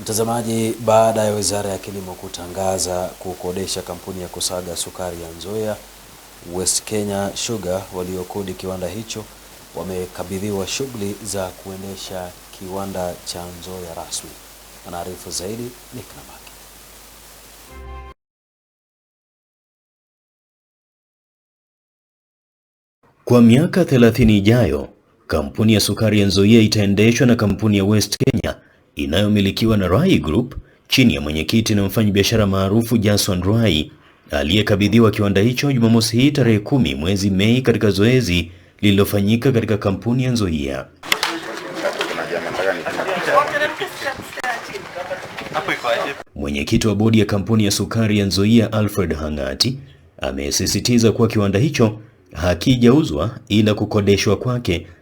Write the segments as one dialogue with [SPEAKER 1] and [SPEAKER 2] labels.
[SPEAKER 1] Mtazamaji, baada ya Wizara ya Kilimo kutangaza kukodesha kampuni ya kusaga sukari ya Nzoia, West Kenya Sugar waliokodi kiwanda hicho wamekabidhiwa shughuli za kuendesha kiwanda cha Nzoia rasmi. Anaarifu zaidi Nick Namaki. Kwa miaka 30 ijayo, kampuni ya sukari ya Nzoia itaendeshwa na kampuni ya West Kenya inayomilikiwa na Rai Group chini ya mwenyekiti na mfanyabiashara maarufu Jason Rai aliyekabidhiwa kiwanda hicho Jumamosi hii tarehe kumi mwezi Mei katika zoezi lililofanyika katika kampuni ya Nzoia. Mwenyekiti wa bodi ya kampuni ya sukari ya Nzoia Alfred Hangati amesisitiza kuwa kiwanda hicho hakijauzwa ila kukodeshwa kwake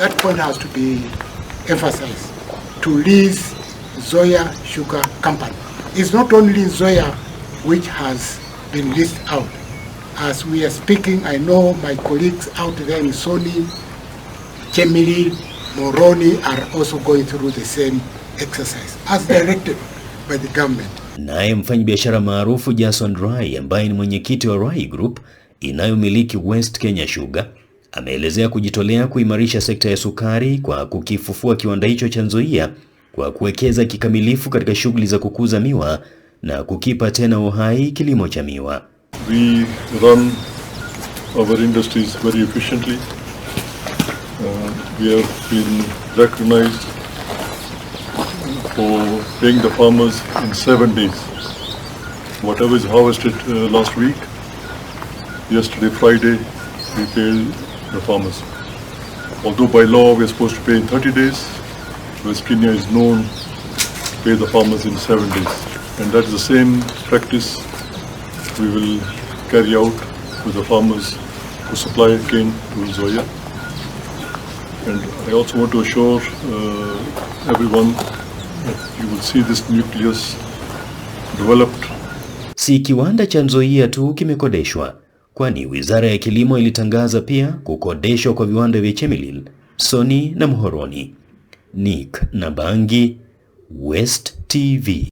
[SPEAKER 2] that point has to be emphasized to lease Zoya Sugar Company. It's not only Zoya which has been leased out. As we are speaking, I know my colleagues out there in Sony, Chemili, Moroni are also going through the same exercise as directed by the government.
[SPEAKER 1] Naye mfanyabiashara maarufu Jason Rai ambaye ni mwenyekiti wa Rai Group inayomiliki West Kenya Sugar ameelezea kujitolea kuimarisha sekta ya sukari kwa kukifufua kiwanda hicho cha Nzoia kwa kuwekeza kikamilifu katika shughuli za kukuza miwa na kukipa tena uhai kilimo cha miwa.
[SPEAKER 3] We run our industries very efficiently. Uh, we have been recognized for paying the farmers in seven days. Whatever is harvested uh, last week, yesterday Friday, we paid the farmers. Although by law we're supposed to pay in 30 days, West Kenya is known to pay the farmers in seven days. And that's the same practice we will carry out with the farmers who supply cane to Zoya. And I also want to assure uh, everyone that you will see this nucleus developed.
[SPEAKER 1] Si kiwanda cha tu kimekodeshwa kwani Wizara ya Kilimo ilitangaza pia kukodeshwa kwa viwanda vya Chemelil, Soni na Muhoroni. Nick na Bangi, West TV.